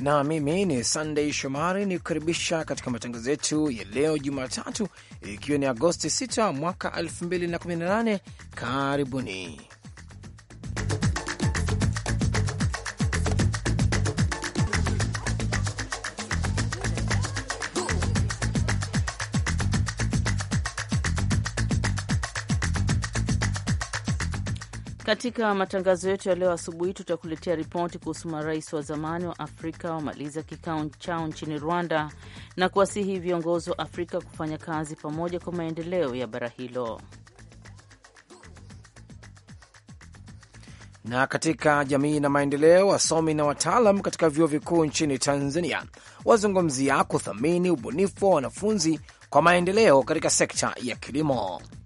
na mimi ni Sunday Shomari ni kukaribisha katika matangazo yetu ya leo Jumatatu, ikiwa ni Agosti 6 mwaka 2018. Karibuni. Katika matangazo yetu ya leo asubuhi, tutakuletea ripoti kuhusu marais wa zamani wa Afrika wamaliza kikao chao nchini Rwanda na kuwasihi viongozi wa Afrika kufanya kazi pamoja kwa maendeleo ya bara hilo. Na katika jamii na maendeleo, wasomi na wataalam katika vyuo vikuu nchini Tanzania wazungumzia kuthamini ubunifu wa wanafunzi kwa maendeleo katika sekta ya kilimo.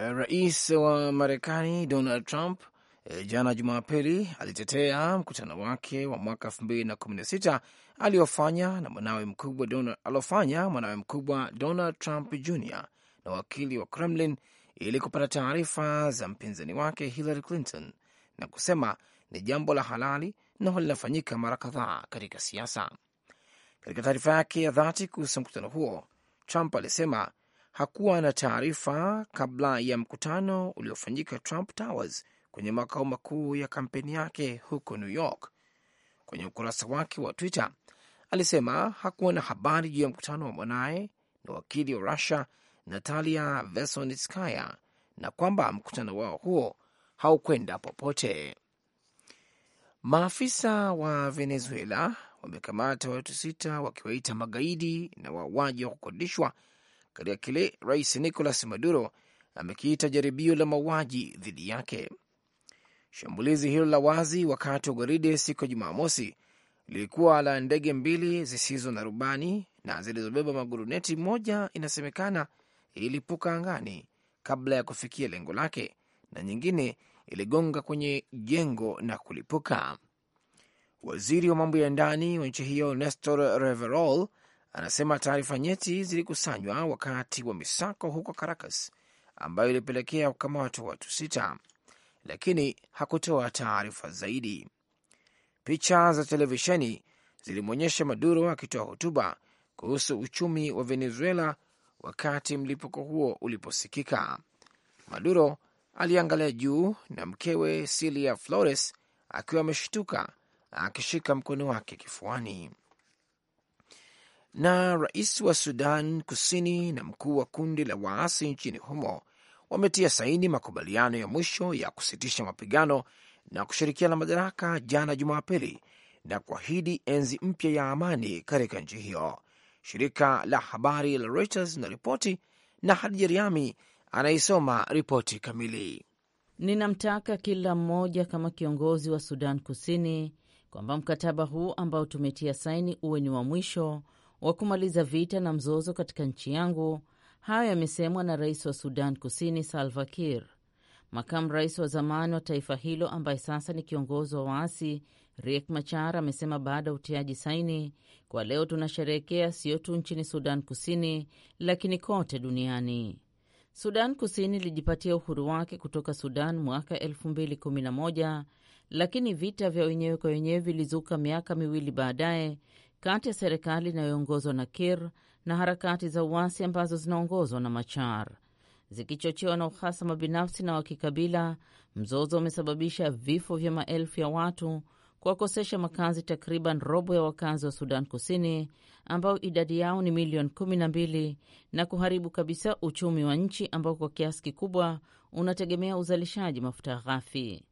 Eh, rais wa Marekani Donald Trump eh, jana Jumapili alitetea mkutano wake wa mwaka elfu mbili na kumi na sita aliofanya na mwanawe mkubwa Donald, aliofanya mwanawe mkubwa Donald Trump Jr na wakili wa Kremlin ili kupata taarifa za mpinzani wake Hillary Clinton na kusema ni jambo la halali na linafanyika mara kadhaa katika siasa. Katika taarifa yake ya dhati kuhusu mkutano huo, Trump alisema hakuwa na taarifa kabla ya mkutano uliofanyika Trump Towers kwenye makao makuu ya kampeni yake huko New York. Kwenye ukurasa wake wa Twitter alisema hakuwa na habari juu ya mkutano wa mwanaye na wakili wa Rusia Natalia Veselnitskaya na kwamba mkutano wao huo haukwenda popote. Maafisa wa Venezuela wamekamata watu sita wakiwaita magaidi na wauaji wa kukodishwa katika kile rais Nicolas Maduro amekiita jaribio la mauaji dhidi yake. Shambulizi hilo la wazi wakati wa gwaride siku ya Jumamosi lilikuwa la ndege mbili zisizo na rubani na zilizobeba maguruneti. Moja inasemekana ilipuka angani kabla ya kufikia lengo lake na nyingine iligonga kwenye jengo na kulipuka. Waziri wa mambo ya ndani wa nchi hiyo Nestor Reverol Anasema taarifa nyeti zilikusanywa wakati wa misako huko Caracas ambayo ilipelekea kukamatwa watu sita, lakini hakutoa taarifa zaidi. Picha za televisheni zilimwonyesha Maduro akitoa hotuba kuhusu uchumi wa Venezuela wakati mlipuko huo uliposikika. Maduro aliangalia juu na mkewe silia Flores akiwa ameshtuka akishika mkono wake kifuani na rais wa Sudan Kusini na mkuu wa kundi la waasi nchini humo wametia saini makubaliano ya mwisho ya kusitisha mapigano na kushirikiana madaraka jana Jumapili na kuahidi enzi mpya ya amani katika nchi hiyo. Shirika la habari la Reuters na ripoti na Hadija Riami anaisoma ripoti kamili. Ninamtaka kila mmoja kama kiongozi wa Sudan Kusini kwamba mkataba huu ambao tumetia saini uwe ni wa mwisho wa kumaliza vita na mzozo katika nchi yangu. Hayo yamesemwa na rais wa Sudan Kusini Salva Kiir. Makamu rais wa zamani wa taifa hilo ambaye sasa ni kiongozi wa waasi Riek Machar amesema baada ya utiaji saini, kwa leo tunasherehekea sio tu nchini Sudan Kusini, lakini kote duniani. Sudan Kusini ilijipatia uhuru wake kutoka Sudan mwaka 2011 lakini vita vya wenyewe kwa wenyewe vilizuka miaka miwili baadaye kati ya serikali inayoongozwa na Kir na harakati za uasi ambazo zinaongozwa na Machar. Zikichochewa na uhasama binafsi na wa kikabila, mzozo umesababisha vifo vya maelfu ya watu, kuwakosesha makazi takriban robo ya wakazi wa Sudan Kusini ambao idadi yao ni milioni kumi na mbili na kuharibu kabisa uchumi wa nchi ambao kwa kiasi kikubwa unategemea uzalishaji mafuta ghafi.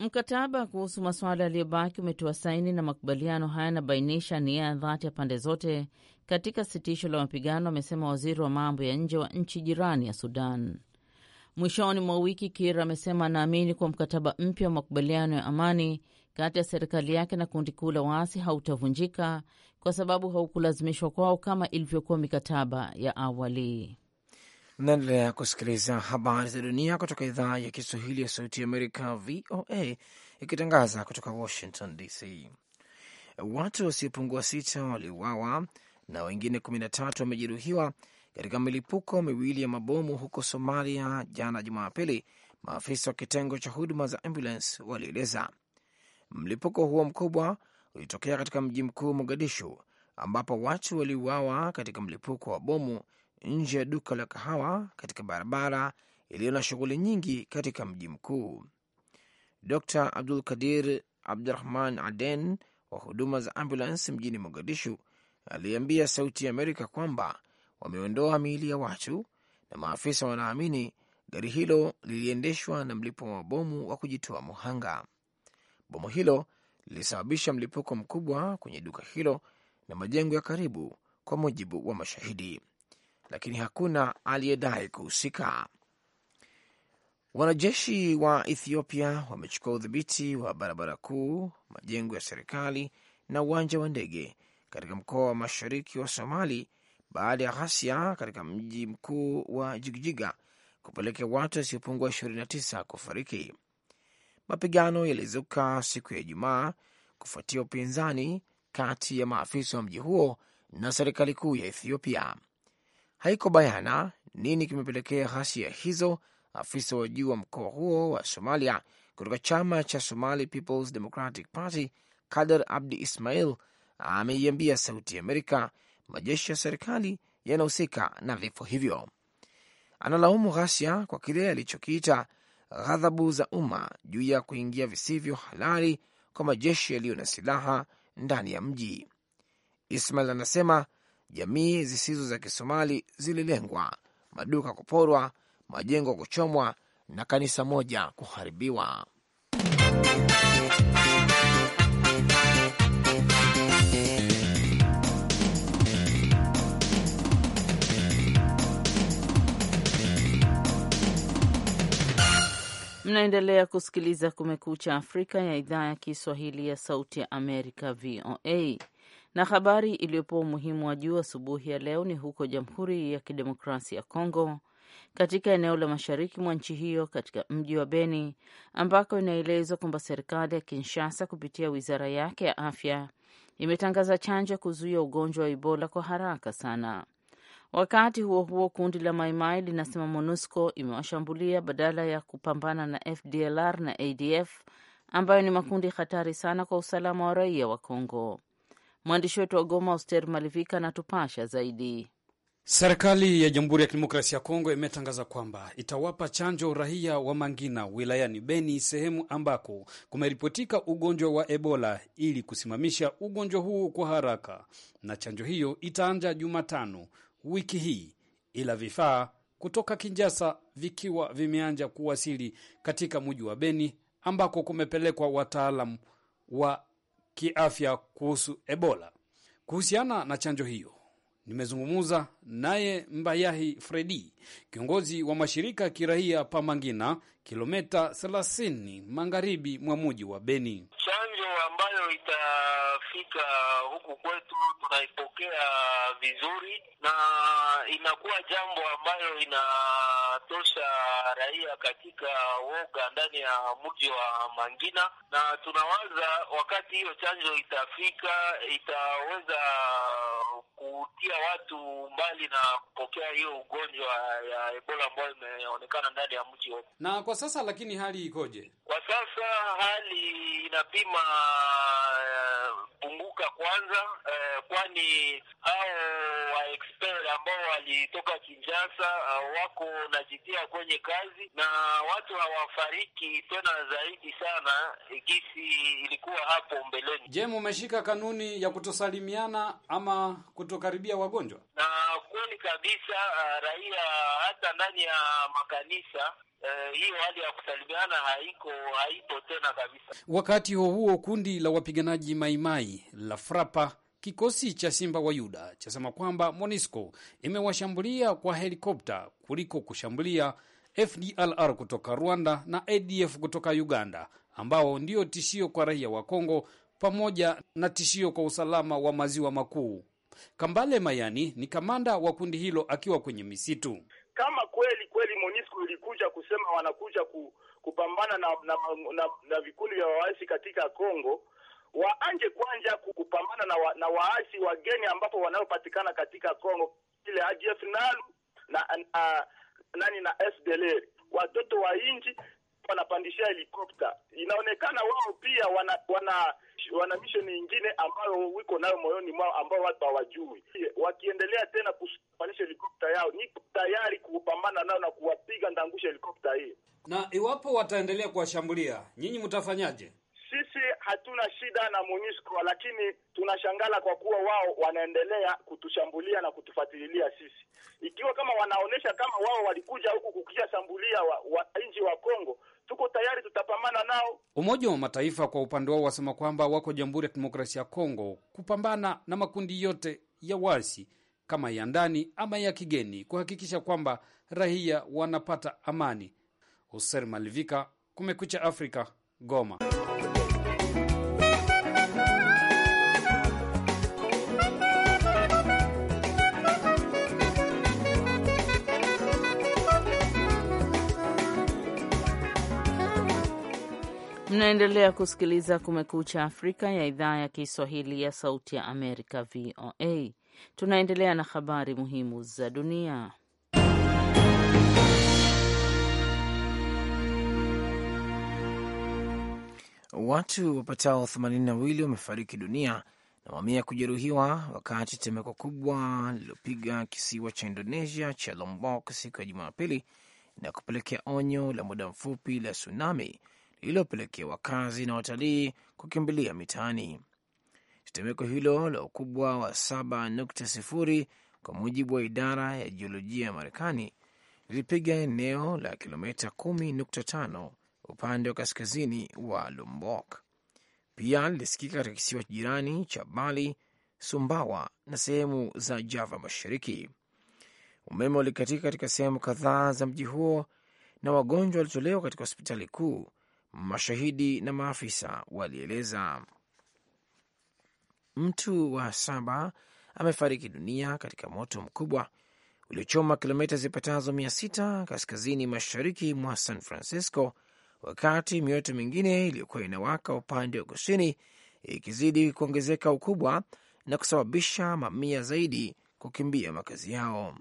Mkataba kuhusu masuala yaliyobaki umetoa saini na makubaliano haya yanabainisha nia ya dhati ya pande zote katika sitisho la mapigano, amesema waziri wa mambo ya nje wa nchi jirani ya Sudan. Mwishoni mwa wiki, Kir amesema anaamini kuwa mkataba mpya wa makubaliano ya amani kati ya serikali yake na kundi kuu la waasi hautavunjika kwa sababu haukulazimishwa kwao kama ilivyokuwa mikataba ya awali naendelea kusikiliza habari za dunia kutoka idhaa ya Kiswahili ya Sauti ya Amerika, VOA, ikitangaza kutoka Washington DC. Watu wasiopungua sita waliuawa na wengine 13 wamejeruhiwa katika milipuko miwili ya mabomu huko Somalia jana Jumapili, maafisa wa kitengo cha huduma za ambulance walieleza. Mlipuko huo mkubwa ulitokea katika mji mkuu Mogadishu, ambapo watu waliuawa katika mlipuko wa bomu nje ya duka la kahawa katika barabara iliyo na shughuli nyingi katika mji mkuu. Dr Abdul Kadir Abdurahman Aden wa huduma za ambulance mjini Mogadishu aliambia Sauti ya Amerika kwamba wameondoa miili ya watu na maafisa wanaamini gari hilo liliendeshwa na mlipo wa bomu wa kujitoa muhanga. Bomu hilo lilisababisha mlipuko mkubwa kwenye duka hilo na majengo ya karibu, kwa mujibu wa mashahidi lakini hakuna aliyedai kuhusika. Wanajeshi wa Ethiopia wamechukua udhibiti wa barabara kuu, majengo ya serikali na uwanja wa ndege katika mkoa wa mashariki wa Somali baada ya ghasia katika mji mkuu wa Jigijiga kupelekea watu wasiopungua 29 kufariki. Mapigano yalizuka siku ya Ijumaa kufuatia upinzani kati ya maafisa wa mji huo na serikali kuu ya Ethiopia. Haiko bayana nini kimepelekea ghasia hizo. Afisa wa juu wa mkoa huo wa Somalia kutoka chama cha Somali Peoples Democratic Party, Kader Abdi Ismail, ameiambia Sauti ya Amerika majeshi ya serikali yanahusika na vifo hivyo. Analaumu ghasia kwa kile alichokiita ghadhabu za umma juu ya kuingia visivyo halali kwa majeshi yaliyo na silaha ndani ya mji. Ismail anasema jamii zisizo za Kisomali zililengwa, maduka kuporwa, majengo kuchomwa na kanisa moja kuharibiwa. Mnaendelea kusikiliza Kumekucha Afrika ya idhaa ya Kiswahili ya Sauti ya Amerika, VOA. Na habari iliyopewa umuhimu wa juu asubuhi ya leo ni huko Jamhuri ya Kidemokrasia ya Kongo, katika eneo la mashariki mwa nchi hiyo, katika mji wa Beni, ambako inaelezwa kwamba serikali ya Kinshasa kupitia wizara yake ya afya imetangaza chanjo ya kuzuia ugonjwa wa Ebola kwa haraka sana. Wakati huo huo, kundi la Maimai linasema MONUSCO imewashambulia badala ya kupambana na FDLR na ADF ambayo ni makundi hatari sana kwa usalama wa raia wa Kongo. Mwandishi wetu wa Goma, Oster Malivika, anatupasha zaidi. Serikali ya Jamhuri ya Kidemokrasia ya Kongo imetangaza kwamba itawapa chanjo raia wa Mangina wilayani Beni, sehemu ambako kumeripotika ugonjwa wa Ebola ili kusimamisha ugonjwa huo kwa haraka, na chanjo hiyo itaanza Jumatano wiki hii, ila vifaa kutoka Kinjasa vikiwa vimeanza kuwasili katika mji wa Beni ambako kumepelekwa wataalamu wa kiafya kuhusu Ebola. Kuhusiana na chanjo hiyo, nimezungumza naye Mbayahi Fredi, kiongozi wa mashirika ya kiraia Pamangina, kilometa 30 magharibi mwa muji wa Beni ambayo itafika huku kwetu tunaipokea vizuri, na inakuwa jambo ambayo inatosha raia katika woga ndani ya mji wa Mangina, na tunawaza wakati hiyo chanjo itafika itaweza kutia watu mbali na kupokea hiyo ugonjwa ya Ebola ambayo imeonekana ndani ya mji Na kwa sasa lakini hali ikoje? Kwa sasa hali inapima punguka kwanza, eh, kwani hao wa expert ambao walitoka Kinshasa eh, wako najitia kwenye kazi na watu hawafariki tena zaidi sana eh, gisi ilikuwa hapo mbeleni. Je, mumeshika kanuni ya kutosalimiana ama kutokaribia wagonjwa? Na kweli kabisa eh, raia hata ndani ya makanisa Eh, hiyo hali ya kusalimiana haiko haipo tena kabisa. Wakati huo huo, kundi la wapiganaji Maimai la Frapa kikosi cha Simba wa Yuda chasema kwamba monisco imewashambulia kwa helikopta kuliko kushambulia FDLR kutoka Rwanda na ADF kutoka Uganda, ambao ndio tishio kwa raia wa Kongo pamoja na tishio kwa usalama wa maziwa makuu. Kambale Mayani ni kamanda wa kundi hilo akiwa kwenye misitu kama kweli kweli MONUSCO ilikuja kusema wanakuja ku, kupambana na na, na, na vikundi vya waasi katika Kongo, waanje kwanja kupambana na, wa, na waasi wageni ambapo wanaopatikana katika Kongo ile ADF na, na, na, na, nani na FDLR watoto wa inji wanapandishia helikopta. Inaonekana wao pia wana wana wana misheni ingine ambayo wiko nayo moyoni mwao, ambao watu hawajui. Wakiendelea tena kupandisha helikopta yao, niko tayari kupambana nao na kuwapiga ndangusha helikopta hii. Na iwapo wataendelea kuwashambulia nyinyi, mtafanyaje? Sisi hatuna shida na MONUSCO, lakini tunashangala kwa kuwa wao wanaendelea kutushambulia na kutufuatililia sisi. Ikiwa kama wanaonesha kama wao walikuja huku kukishashambulia wananchi wa Kongo wa tuko tayari, tutapambana nao. Umoja wa Mataifa kwa upande wao wasema kwamba wako Jamhuri ya Kidemokrasia ya Kongo kupambana na makundi yote ya wasi kama ya ndani ama ya kigeni, kuhakikisha kwamba raia wanapata amani. Hoser Malivika, Kumekucha Afrika, Goma. Mnaendelea kusikiliza Kumekucha Afrika ya idhaa ya Kiswahili ya Sauti ya Amerika, VOA. Tunaendelea na habari muhimu za dunia. Watu wapatao 82 wamefariki dunia na mamia kujeruhiwa wakati tetemeko kubwa lililopiga kisiwa cha Indonesia cha Lombok siku ya Jumapili na kupelekea onyo la muda mfupi la tsunami lililopelekea wakazi na watalii kukimbilia mitaani. Tetemeko hilo la ukubwa wa 7.0 kwa mujibu wa idara ya jiolojia ya Marekani lilipiga eneo la kilomita 10.5 upande wa kaskazini wa Lombok. Pia lilisikika katika kisiwa jirani cha Bali, Sumbawa na sehemu za Java Mashariki. Umeme ulikatika katika sehemu kadhaa za mji huo na wagonjwa walitolewa katika hospitali kuu mashahidi na maafisa walieleza. Mtu wa saba amefariki dunia katika moto mkubwa uliochoma kilomita zipatazo mia sita kaskazini mashariki mwa San Francisco, wakati mioto mingine iliyokuwa inawaka upande wa kusini ikizidi kuongezeka ukubwa na kusababisha mamia zaidi kukimbia makazi yao.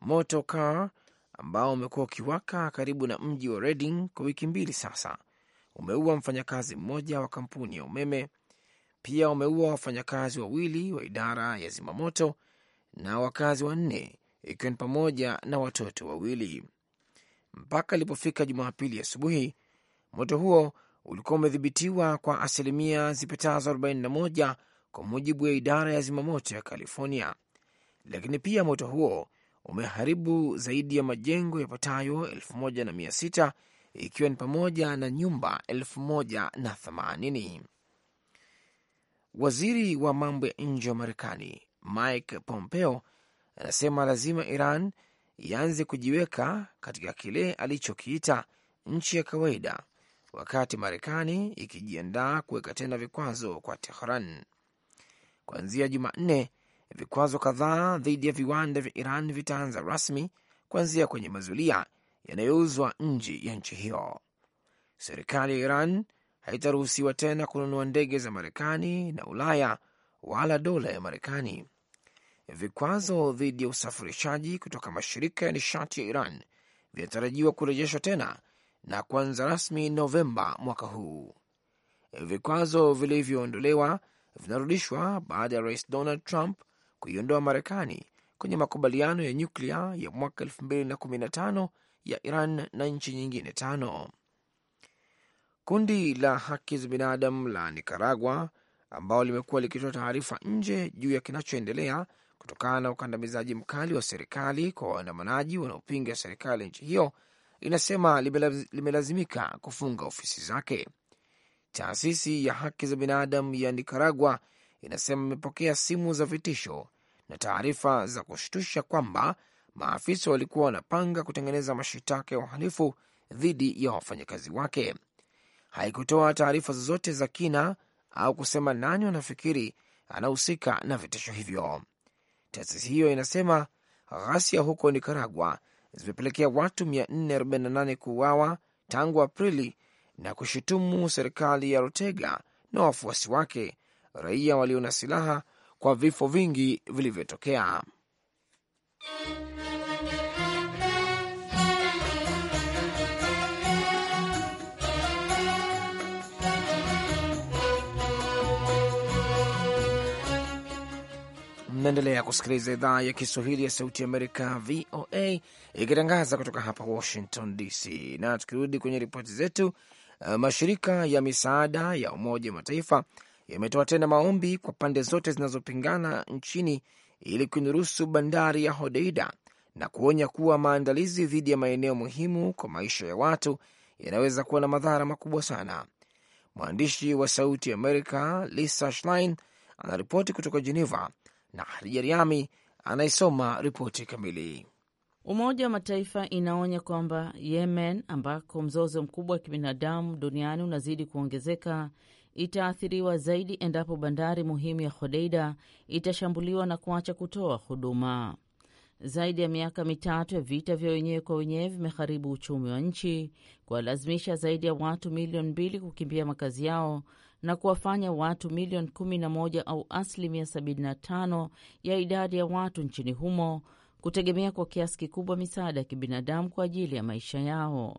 Moto kaa ambao umekuwa ukiwaka karibu na mji wa Reading kwa wiki mbili sasa umeua mfanyakazi mmoja wa kampuni ya umeme, pia umeua wafanyakazi wawili wa idara ya zimamoto na wakazi wanne, ikiwa ni pamoja na watoto wawili. Mpaka ilipofika Jumapili asubuhi, moto huo ulikuwa umedhibitiwa kwa asilimia zipatazo 41 kwa mujibu wa idara ya zimamoto ya California, lakini pia moto huo umeharibu zaidi ya majengo yapatayo elfu moja na mia sita ikiwa ni pamoja na nyumba elfu moja na themanini. Waziri wa mambo ya nje wa Marekani Mike Pompeo anasema lazima Iran ianze kujiweka katika kile alichokiita nchi ya kawaida, wakati Marekani ikijiandaa kuweka tena vikwazo kwa Tehran. Kuanzia Jumanne, vikwazo kadhaa dhidi ya viwanda vya Iran vitaanza rasmi kuanzia kwenye mazulia yanayouzwa nje ya nchi hiyo. Serikali ya Iran haitaruhusiwa tena kununua ndege za Marekani na Ulaya wala dola ya Marekani. Vikwazo dhidi ya usafirishaji kutoka mashirika ya nishati ya Iran vinatarajiwa kurejeshwa tena na kuanza rasmi Novemba mwaka huu. Vikwazo vilivyoondolewa vinarudishwa baada ya rais Donald Trump kuiondoa Marekani kwenye makubaliano ya nyuklia ya mwaka 2015 ya Iran na nchi nyingine tano. Kundi la haki za binadamu la nikaragua ambao limekuwa likitoa taarifa nje juu ya kinachoendelea kutokana na ukandamizaji mkali wa serikali kwa waandamanaji wanaopinga serikali ya nchi hiyo, inasema limelazimika kufunga ofisi zake. Taasisi ya haki za binadamu ya nikaragua inasema imepokea simu za vitisho na taarifa za kushtusha kwamba maafisa walikuwa wanapanga kutengeneza mashitaka ya uhalifu dhidi ya wafanyakazi wake. Haikutoa taarifa zozote za kina au kusema nani wanafikiri anahusika na vitisho hivyo. Taasisi hiyo inasema ghasia huko Nikaragua zimepelekea watu 448 kuuawa tangu Aprili na kushutumu serikali ya Ortega na wafuasi wake, raia walio na silaha kwa vifo vingi vilivyotokea. Mnaendelea kusikiliza idhaa ya Kiswahili ya Sauti Amerika, VOA, ikitangaza kutoka hapa Washington DC. Na tukirudi kwenye ripoti zetu, eh, mashirika ya misaada ya Umoja wa Mataifa yametoa tena maombi kwa pande zote zinazopingana nchini ili kuinurusu bandari ya Hodeida na kuonya kuwa maandalizi dhidi ya maeneo muhimu kwa maisha ya watu yanaweza kuwa na madhara makubwa sana. Mwandishi wa Sauti Amerika Lisa Schlein anaripoti kutoka Geneva na Hadija Riami ripoti kamili. Umoja wa Mataifa inaonya kwamba Yemen, ambako mzozo mkubwa wa kibinadamu duniani unazidi kuongezeka, itaathiriwa zaidi endapo bandari muhimu ya Hodeida itashambuliwa na kuacha kutoa huduma. Zaidi ya miaka mitatu ya vita vya wenyewe kwa wenyewe vimeharibu uchumi wa nchi, kuwalazimisha zaidi ya watu milioni mbili kukimbia makazi yao na kuwafanya watu milioni kumi na moja au asilimia 75 ya idadi ya watu nchini humo kutegemea kwa kiasi kikubwa misaada ya kibinadamu kwa ajili ya maisha yao.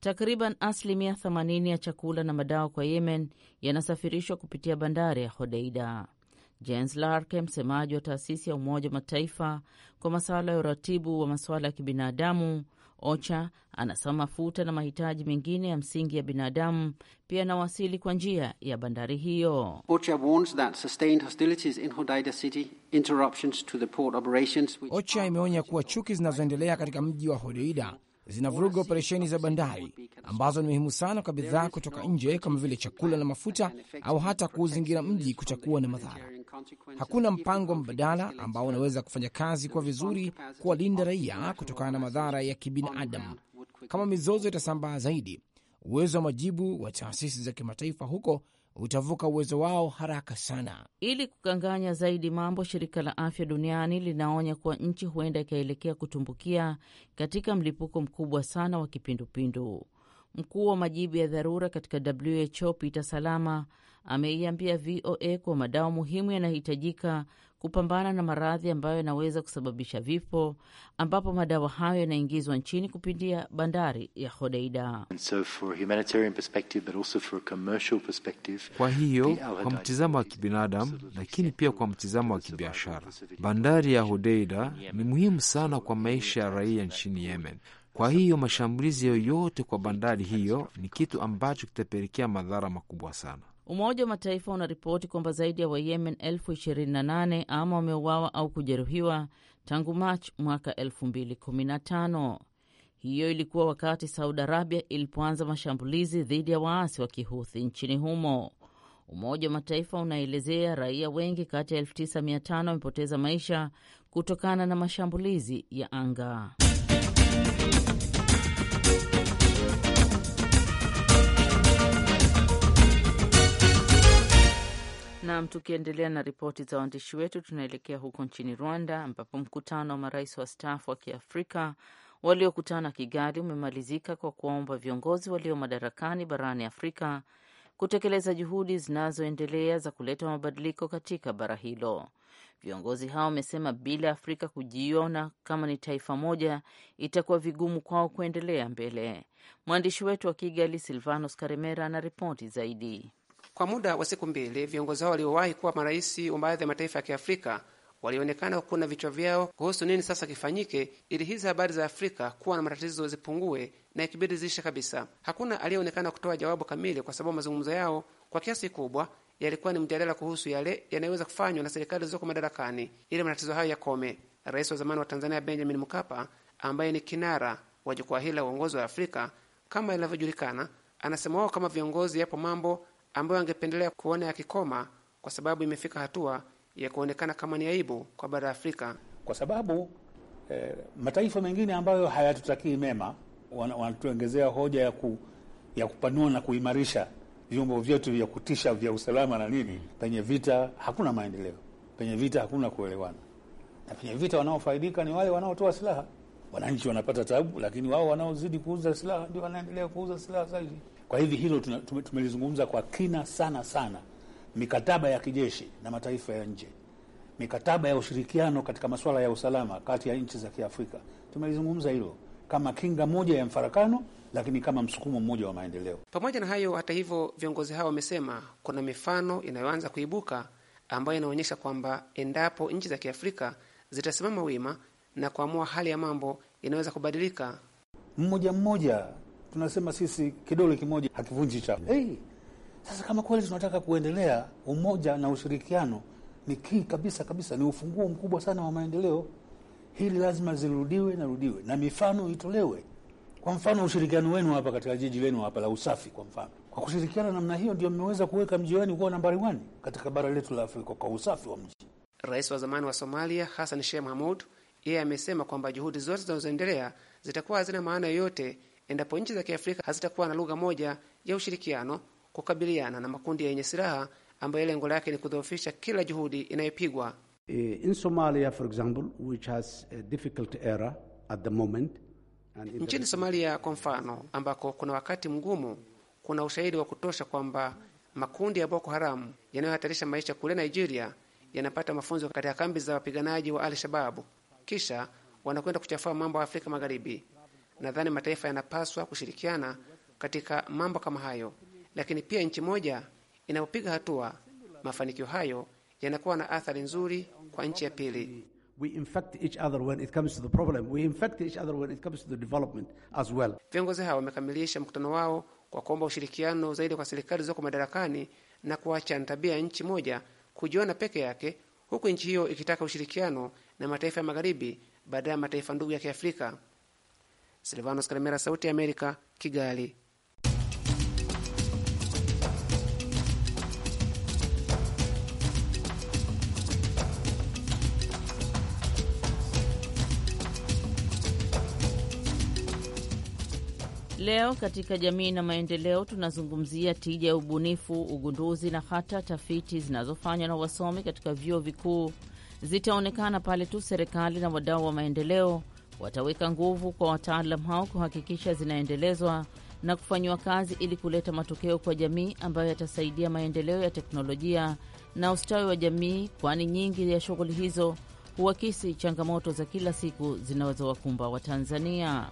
Takriban asilimia 80 ya chakula na madawa kwa Yemen yanasafirishwa kupitia bandari ya Hodeida. Jens Larke, msemaji wa taasisi ya Umoja wa Mataifa kwa masuala ya uratibu wa masuala ya kibinadamu OCHA, anasema mafuta na mahitaji mengine ya msingi ya binadamu pia yanawasili kwa njia ya bandari hiyo. OCHA imeonya kuwa chuki zinazoendelea katika mji wa Hodeida zinavuruga operesheni za bandari ambazo ni muhimu sana kwa bidhaa kutoka nje kama vile chakula na mafuta, au hata kuuzingira mji kutakuwa na madhara. Hakuna mpango mbadala ambao unaweza kufanya kazi kwa vizuri kuwalinda raia kutokana na madhara ya kibinadamu. Kama mizozo itasambaa zaidi, uwezo wa majibu wa taasisi za kimataifa huko utavuka uwezo wao haraka sana. Ili kukanganya zaidi mambo, shirika la afya duniani linaonya kuwa nchi huenda ikaelekea kutumbukia katika mlipuko mkubwa sana wa kipindupindu. Mkuu wa majibu ya dharura katika WHO Peter Salama ameiambia VOA kuwa madawa muhimu yanahitajika kupambana na maradhi ambayo yanaweza kusababisha vifo, ambapo madawa hayo yanaingizwa nchini kupitia bandari ya Hodeida. So kwa hiyo kwa mtizamo wa kibinadamu, lakini pia kwa mtizamo wa kibiashara, bandari ya Hodeida ni muhimu sana kwa maisha ya raia nchini Yemen. Kwa hiyo mashambulizi yoyote kwa bandari hiyo ni kitu ambacho kitapelekea madhara makubwa sana. Umoja wa Mataifa unaripoti kwamba zaidi ya Wayemen elfu 28 ama wameuawa au kujeruhiwa tangu Machi mwaka 2015. Hiyo ilikuwa wakati Saudi Arabia ilipoanza mashambulizi dhidi ya waasi wa Kihuthi nchini humo. Umoja wa Mataifa unaelezea raia wengi kati ya 9500 wamepoteza maisha kutokana na mashambulizi ya anga. Nam, tukiendelea na ripoti za waandishi wetu, tunaelekea huko nchini Rwanda ambapo mkutano wa marais wastaafu wa Kiafrika waliokutana Kigali umemalizika kwa kuwaomba viongozi walio madarakani barani Afrika kutekeleza juhudi zinazoendelea za kuleta mabadiliko katika bara hilo. Viongozi hao wamesema bila Afrika kujiona kama ni taifa moja, itakuwa vigumu kwao kuendelea mbele. Mwandishi wetu wa Kigali, Silvanos Karemera, ana ripoti zaidi. Kwa muda wa siku mbili, viongozi hao waliowahi kuwa marais wa baadhi ya mataifa ya Kiafrika walionekana kukuna vichwa vyao kuhusu nini sasa kifanyike ili hizi habari za Afrika kuwa na matatizo zipungue na ikibidi ziishe kabisa. Hakuna aliyeonekana kutoa jawabu kamili, kwa sababu mazungumzo yao kwa kiasi kubwa yalikuwa ni mjadala kuhusu yale yanayoweza kufanywa na serikali zilizoko madarakani ili matatizo hayo yakome. Rais wa zamani wa Tanzania Benjamin Mkapa, ambaye ni kinara wa jukwaa hili la uongozi wa Afrika kama inavyojulikana, anasema wao kama viongozi, yapo mambo ambayo angependelea kuona yakikoma, kwa sababu imefika hatua ya kuonekana kama ni aibu kwa bara la Afrika, kwa sababu eh, mataifa mengine ambayo hayatutakii mema wanatuongezea hoja ya, ku, ya kupanua na kuimarisha vyombo vyetu vya kutisha vya usalama na nini. Penye vita hakuna maendeleo, penye vita hakuna kuelewana, na penye vita wanaofaidika ni wale wanaotoa silaha. Wananchi wanapata tabu, lakini wao wanaozidi kuuza silaha ndio wanaendelea kuuza silaha zaidi. Kwa hivi hilo tumelizungumza kwa kina sana sana, mikataba ya kijeshi na mataifa ya nje, mikataba ya ushirikiano katika masuala ya usalama kati ya nchi za Kiafrika, tumelizungumza hilo kama kinga moja ya mfarakano, lakini kama msukumo mmoja wa maendeleo. Pamoja na hayo, hata hivyo, viongozi hao wamesema kuna mifano inayoanza kuibuka ambayo inaonyesha kwamba endapo nchi za Kiafrika zitasimama wima na kuamua, hali ya mambo inaweza kubadilika. Mmoja mmoja tunasema sisi, kidole kimoja hakivunji cha hey. Sasa kama kweli tunataka kuendelea, umoja na ushirikiano ni kii kabisa kabisa, ni ufunguo mkubwa sana wa maendeleo hili lazima zirudiwe na rudiwe na mifano itolewe. Kwa mfano ushirikiano wenu hapa katika jiji lenu hapa la usafi, kwa mfano, kwa kushirikiana namna hiyo ndio mmeweza kuweka mji wenu kuwa nambari wani katika bara letu la Afrika kwa usafi wa mji. Rais wa zamani wa Somalia Hassan Sheikh Mahmud yeye amesema kwamba juhudi zote zinazoendelea zitakuwa hazina maana yoyote endapo nchi za Kiafrika hazitakuwa na lugha moja ya ushirikiano kukabiliana na makundi yenye silaha ambayo lengo lake ni kudhoofisha kila juhudi inayopigwa Eh, in Somalia, for example, which has a difficult era at the moment, nchini Somalia kwa mfano, ambako kuna wakati mgumu, kuna ushahidi wa kutosha kwamba makundi ya Boko Haramu yanayohatarisha maisha kule Nigeria yanapata mafunzo katika kambi za wapiganaji wa Al-Shababu, kisha wanakwenda kuchafua mambo ya Afrika Magharibi. Nadhani mataifa yanapaswa kushirikiana katika mambo kama hayo, lakini pia nchi moja inapopiga hatua, mafanikio hayo yanakuwa na athari nzuri kwa nchi ya pili. Viongozi hao wamekamilisha mkutano wao kwa kuomba ushirikiano zaidi kwa serikali zilizoko madarakani na kuacha tabia nchi moja kujiona peke yake, huku nchi hiyo ikitaka ushirikiano na mataifa ya magharibi badala ya mataifa ndugu ya Kiafrika. Silvanos Kalemera, Sauti ya Amerika, Kigali. Leo katika jamii na maendeleo tunazungumzia tija ya ubunifu, ugunduzi na hata tafiti zinazofanywa na wasomi katika vyuo vikuu zitaonekana pale tu serikali na wadau wa maendeleo wataweka nguvu kwa wataalam hao kuhakikisha zinaendelezwa na kufanyiwa kazi ili kuleta matokeo kwa jamii ambayo yatasaidia maendeleo ya teknolojia na ustawi wa jamii, kwani nyingi ya shughuli hizo huakisi changamoto za kila siku zinazowakumba Watanzania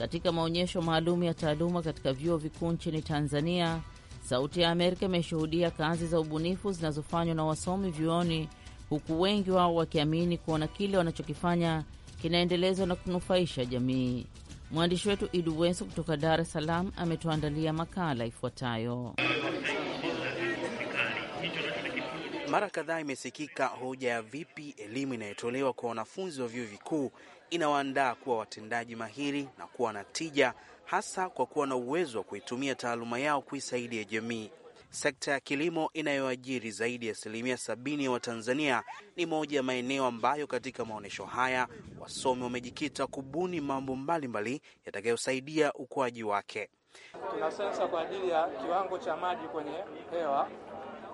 katika maonyesho maalum ya taaluma katika vyuo vikuu nchini Tanzania. Sauti ya Amerika imeshuhudia kazi za ubunifu zinazofanywa na wasomi vyuoni, huku wengi wao wakiamini kuona kile wanachokifanya kinaendelezwa na kunufaisha jamii. Mwandishi wetu idu Weso kutoka Dar es Salaam ametuandalia makala ifuatayo. Mara kadhaa imesikika hoja ya vipi elimu inayotolewa kwa wanafunzi wa vyuo vikuu inawaandaa kuwa watendaji mahiri na kuwa na tija, hasa kwa kuwa na uwezo wa kuitumia taaluma yao kuisaidia ya jamii. Sekta ya kilimo inayoajiri zaidi ya asilimia sabini ya Watanzania ni moja ya maeneo ambayo katika maonyesho haya wasomi wamejikita kubuni mambo mbalimbali yatakayosaidia ukuaji wake. Tuna sensa kwa ajili ya kiwango cha maji kwenye hewa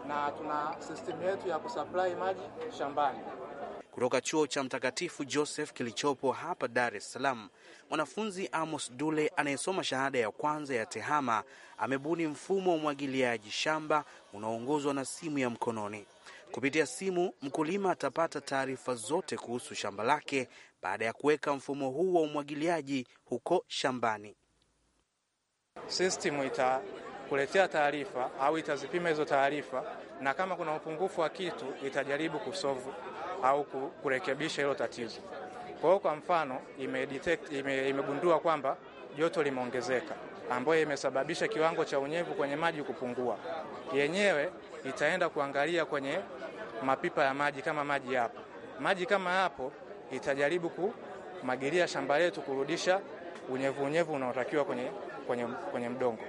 na tuna sistemu yetu ya kusaplai maji shambani kutoka chuo cha Mtakatifu Joseph kilichopo hapa Dar es Salaam. Mwanafunzi Amos Dule anayesoma shahada ya kwanza ya TEHAMA amebuni mfumo wa umwagiliaji shamba unaoongozwa na simu ya mkononi. Kupitia simu, mkulima atapata taarifa zote kuhusu shamba lake baada ya kuweka mfumo huu wa umwagiliaji huko shambani. Sistimu itakuletea taarifa au itazipima hizo taarifa, na kama kuna upungufu wa kitu itajaribu kusovu au kurekebisha hilo tatizo. Kwa hiyo, kwa mfano imedetect, ime, imegundua kwamba joto limeongezeka ambayo imesababisha kiwango cha unyevu kwenye maji kupungua, yenyewe itaenda kuangalia kwenye mapipa ya maji kama maji yapo. Maji kama yapo, itajaribu kumagilia shamba letu kurudisha unyevu unyevu unaotakiwa kwenye, kwenye, kwenye mdongo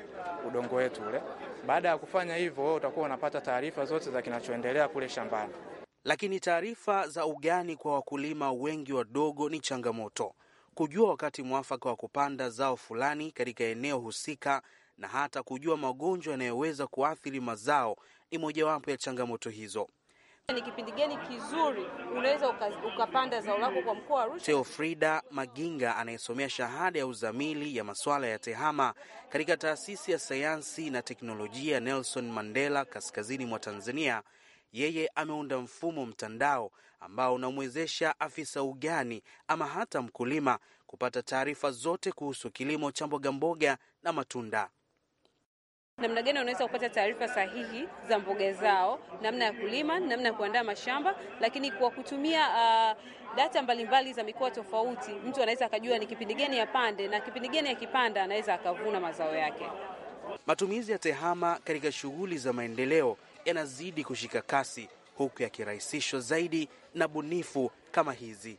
udongo wetu ule. Baada ya kufanya hivyo, wewe utakuwa unapata taarifa zote za kinachoendelea kule shambani. Lakini taarifa za ugani kwa wakulima wengi wadogo ni changamoto, kujua wakati mwafaka wa kupanda zao fulani katika eneo husika na hata kujua magonjwa yanayoweza kuathiri mazao ni mojawapo ya changamoto hizo. Ni kipindi gani kizuri unaweza ukapanda zao lako kwa mkoa wa Arusha? Teofrida Maginga anayesomea shahada ya uzamili ya masuala ya tehama katika taasisi ya sayansi na teknolojia Nelson Mandela kaskazini mwa Tanzania yeye ameunda mfumo mtandao ambao unamwezesha afisa ugani ama hata mkulima kupata taarifa zote kuhusu kilimo cha mbogamboga na matunda. Namna gani wanaweza kupata taarifa sahihi za mboga zao, namna ya kulima, namna ya kuandaa mashamba, lakini kwa kutumia uh, data mbalimbali za mikoa tofauti, mtu anaweza akajua ni kipindi gani apande na kipindi gani akipanda anaweza akavuna mazao yake. Matumizi ya tehama katika shughuli za maendeleo yanazidi kushika kasi huku yakirahisishwa zaidi na bunifu kama hizi.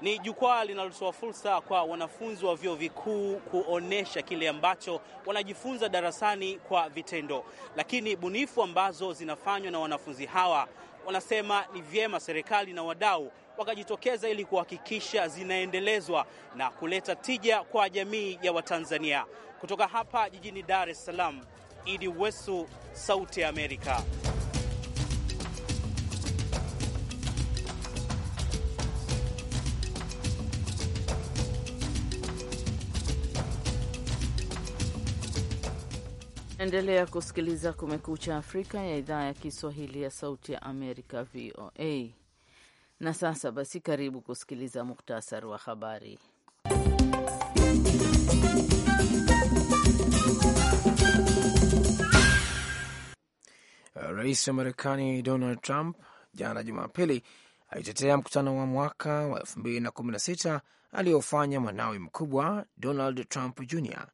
Ni jukwaa linalotoa fursa kwa wanafunzi wa vyuo vikuu kuonyesha kile ambacho wanajifunza darasani kwa vitendo, lakini bunifu ambazo zinafanywa na wanafunzi hawa, wanasema ni vyema serikali na wadau wakajitokeza ili kuhakikisha zinaendelezwa na kuleta tija kwa jamii ya Watanzania. Kutoka hapa jijini Dar es Salaam, Idi Wesu, Sauti ya Amerika. Endelea kusikiliza Kumekucha Afrika ya idhaa ya Kiswahili ya Sauti ya Amerika, VOA. Na sasa basi, karibu kusikiliza muktasari wa habari. Uh, rais wa Marekani Donald Trump jana Jumapili alitetea mkutano wa mwaka wa sita aliyofanya mwanawe mkubwa Donald Trump Jr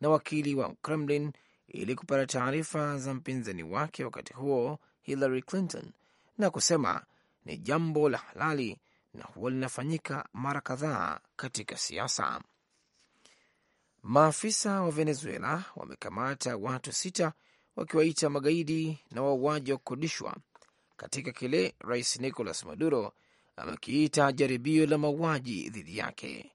na wakili wa Kremlin ili kupata taarifa za mpinzani wake wakati huo Hillary Clinton, na kusema ni jambo la halali na huwa linafanyika mara kadhaa katika siasa. Maafisa wa Venezuela wamekamata watu sita wakiwaita magaidi na wauaji wa kukodishwa katika kile rais Nicolas Maduro amekiita jaribio la mauaji dhidi yake.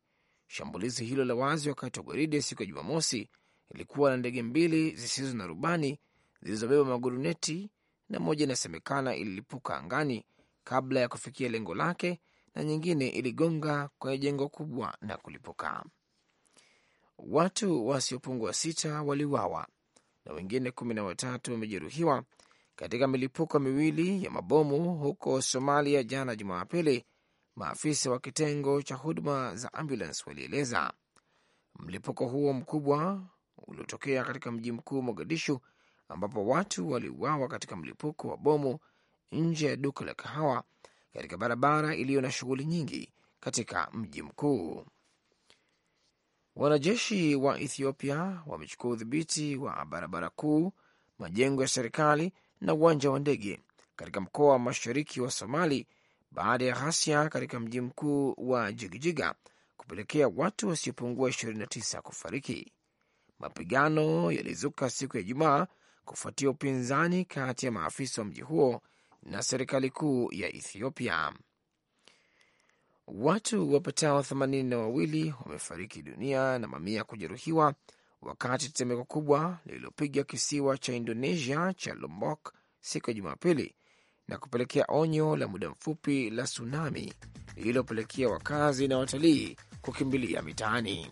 Shambulizi hilo la wazi wakati wa gwaride siku ya Jumamosi ilikuwa na ndege mbili zisizo na rubani zilizobeba maguruneti na moja inasemekana ililipuka angani kabla ya kufikia lengo lake na nyingine iligonga kwenye jengo kubwa na kulipuka. Watu wasiopungua sita waliuawa na wengine kumi na watatu wamejeruhiwa katika milipuko miwili ya mabomu huko Somalia jana Jumapili, maafisa wa kitengo cha huduma za ambulance walieleza. Mlipuko huo mkubwa uliotokea katika mji mkuu Mogadishu, ambapo watu waliuawa katika mlipuko wa bomu nje ya duka la kahawa katika barabara iliyo na shughuli nyingi katika mji mkuu. Wanajeshi wa Ethiopia wamechukua udhibiti wa barabara kuu, majengo ya serikali na uwanja wa ndege katika mkoa wa mashariki wa Somali baada ya ghasia katika mji mkuu wa Jigijiga kupelekea watu wasiopungua 29 kufariki. Mapigano yalizuka siku ya Ijumaa kufuatia upinzani kati ya maafisa wa mji huo na serikali kuu ya Ethiopia. Watu wapatao themanini na wawili wamefariki dunia na mamia kujeruhiwa wakati tetemeko kubwa lililopiga kisiwa cha Indonesia cha Lombok siku ya Jumapili na kupelekea onyo la muda mfupi la tsunami lililopelekea wakazi na watalii kukimbilia mitaani.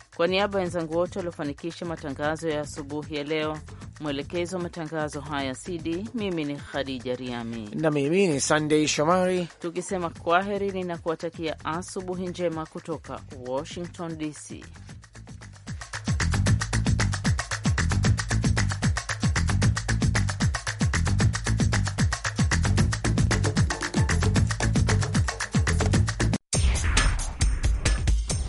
Kwa niaba ya wenzangu wote waliofanikisha matangazo ya asubuhi ya leo, mwelekezi wa matangazo haya CD, mimi ni Khadija Riami na mimi ni Sandei Shomari, tukisema kwaheri, ninakuwatakia asubuhi njema kutoka Washington DC.